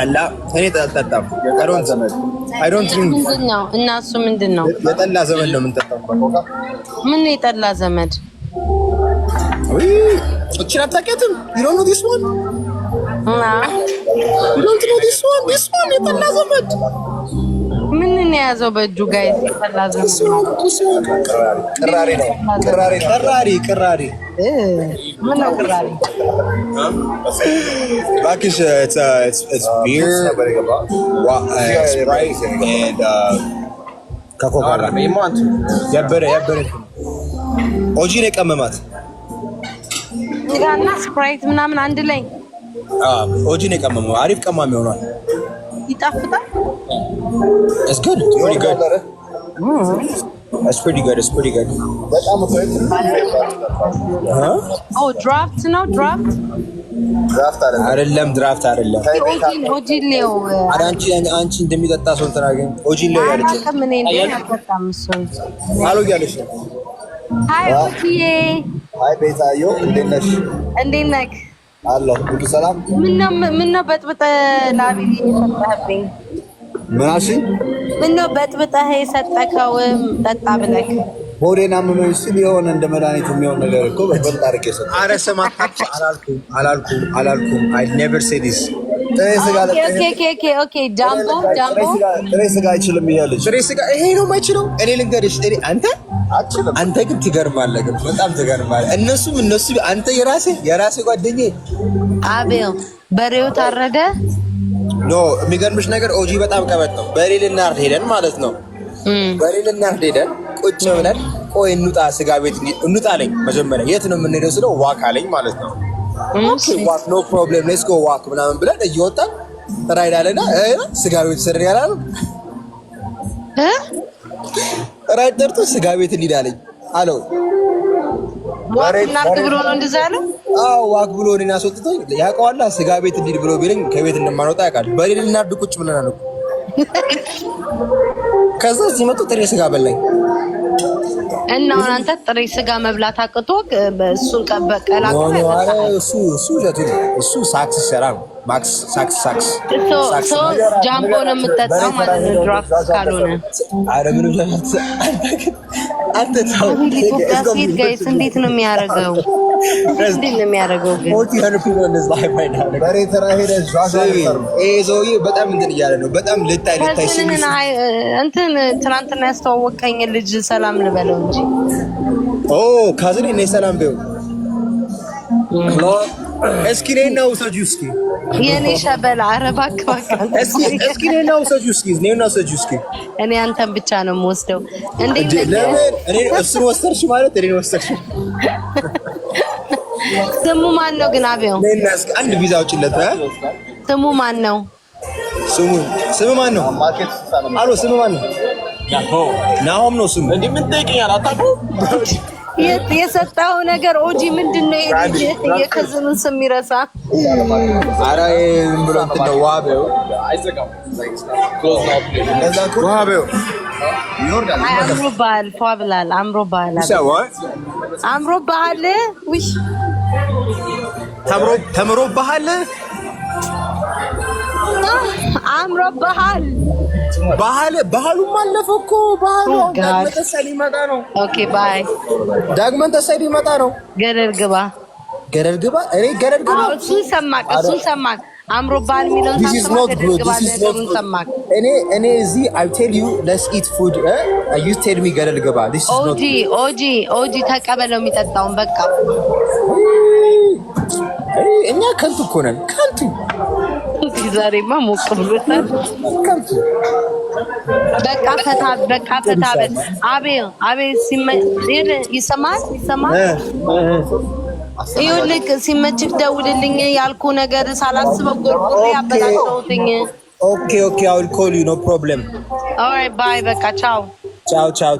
ጠላ እኔ አልጠጣም። አይዶንት ዘመድ አይዶንት ምንድነው? የጠላ ዘመድ ነው የምንጠጣው። ምን የጠላ ዘመድ? እቺ አታውቂያትም? ዩ ዲስ ዋን ዶንት ምን የያዘው በእጁ ጋይዝ? የጠላ ቅራሪ ቅራሪ it's uh, it's it's beer uh, Sprite and uh, ኦጂ ነው የቀመማት ስፕራይት ምናምን አንድ ላይ ኦጂን የቀመመው አሪፍ ቀማሚ ሆኗል። ይጣፍጣል። ድራፍት ነው ድራፍት አይደለም፣ ድራፍት አይደለም። አንቺ እንደሚጠጣ ሰው እንትን ኦጂን ሌው ያለች ሀይ ቤታዮ እንዴት ነሽ? እንዴት ነህ? አለሁ ሁሉ ሰላም። ምነው ምነው በጥብጠህ ለአቤል የሰጠህብኝ? ምን አልሽኝ? ምነው በጥብጠህ የሰጠከው ጠጣ ብለህ ሆዴን አመመኝ ሲል የሆነ እንደ መድኃኒት የሚሆን ነገር እኮ በጥብጥ አድርጌ ሰጠሁ። ኧረ ስማ አላልኩም፣ አላልኩም፣ አላልኩም አይ ኔቨር ሴ ዲስ ጥሬ ስጋ አይችልም እያለች ጥሬ ስጋ ይሄ ነው የማይችለው። እኔ ልንገርሽ፣ አንተ አንተ ግን ትገርማለህ፣ ግን በጣም ትገርማለህ። እነሱም እነሱ አንተ የራሴ የራሴ ጓደኛዬ አቤል በሬው ታረደ። ኖ የሚገርምሽ ነገር ኦጂ በጣም ቀበጥ ነው። በሬ ልናርድ ሄደን ማለት ነው። በሬ ልናርድ ሄደን ቁጭ ብለን ቆይ እንውጣ ስጋ ቤት እንውጣ አለኝ። መጀመሪያ የት ነው የምንሄደው ስለው ዋካ አለኝ ማለት ነው ኖ ፕሮብለም ሌትስ ጎ ዋክ ምናምን ብለን እየወጣን ራይድ አለና ስጋ ቤት ስር ያላል ራይድ ጠርቶ ስጋ ቤት እንሂድ አለኝ አለው። ዋክ ብሎ እኔን አስወጥቶኝ ያውቀዋላ። ስጋ ቤት እንሂድ ብሎ ቢለኝ ከቤት እንደማንወጣ ያውቃል። በሌል እናድር ቁጭ ብለናል እኮ ከዛ ሲመጡ ጥሬ ስጋ በላኝ። እና አንተ ጥሬ ስጋ መብላት አቅቶ እሱን ቀበቀላ እሱ እሱ ሳክስ ይሰራ ነው። ማክስ ሳክስ ሳክስ ጃምቦ ነው የምጠጣው ማለት ነው። ድራፍት ካልሆነ አረ ምንም ለማለት አሁን ኢትዮጵያ በጣም እንትን እያለ ነው። በጣም ልታይ ልታይ እንትን ትናንትና ያስተዋወቀኝ ልጅ ሰላም ልበለው እንጂ ኦ ካዝኔ እኔ ሰላም በይው እስኪ እኔን ነው እስኪ የኔ ሸበላ አረባ እስኪ እስኪ እኔን ነው ሰጂው። እስኪ እኔን ነው እስኪ እኔ አንተን ብቻ ነው የምወስደው። እንዴ ለምን እሱን ወሰድሽ ማለት እኔን ወሰድሽ። ስሙ ማን ነው ግን? አብያው አንድ ቪዛ አውጪለት። ስሙ ማን ነው? ስሙ ስሙ ማን ነው? አሎ ስሙ ማን ነው? ናሆም ነው ስሙ። እንዴ ምን ትጠይቀኛል? አታውቁም የሰጣው ነገር ኦጂ ምንድን ነው? የከዝኑን ስም ይረሳ። ኧረ ዝም ብሎ እንትን ነው። ዋህበው ዋህበው አምሮብሃል፣ ፏ ብለሃል። አምሮብሃል፣ አምሮብሃል፣ ተምሮብሃል አምሮብሃል። ባህል ባህሉም አለፈ እኮ ባህሉ ዳግመን ሊመጣ ነው። ኦኬ ባይ ዳግመን ሊመጣ ነው። ገደል ግባ፣ ገደል ግባ። እኔ ገደል ግባ። እሱን ሰማክ፣ እሱን ሰማክ። እኔ እኔ እዚህ አይ ቴል ዩ ኢት ፉድ ዩ ቴል ሚ ገደል ግባ። ኦጂ ኦጂ ኦጂ ተቀበለው የሚጠጣውን በቃ እኛ ከንቱ እኮ ነን ከንቱ ዛሬማ ሞቅ ብሎታል። በቃ ፈታ በቃ ፈታ በል አቤል አቤል ሲመሄድ ይሰማል ይሰማል። ይኸውልህ ሲመችህ ደውልልኝ ያልኩህ ነገር ሳላስበው ጎርጎር ያበላሸሁትኝ። ኦኬ ኦኬ አይ ዊል ኮል ዩ ኖ ፕሮብለም ኦል ራይት ባይ በቃ ቻው ቻው ቻው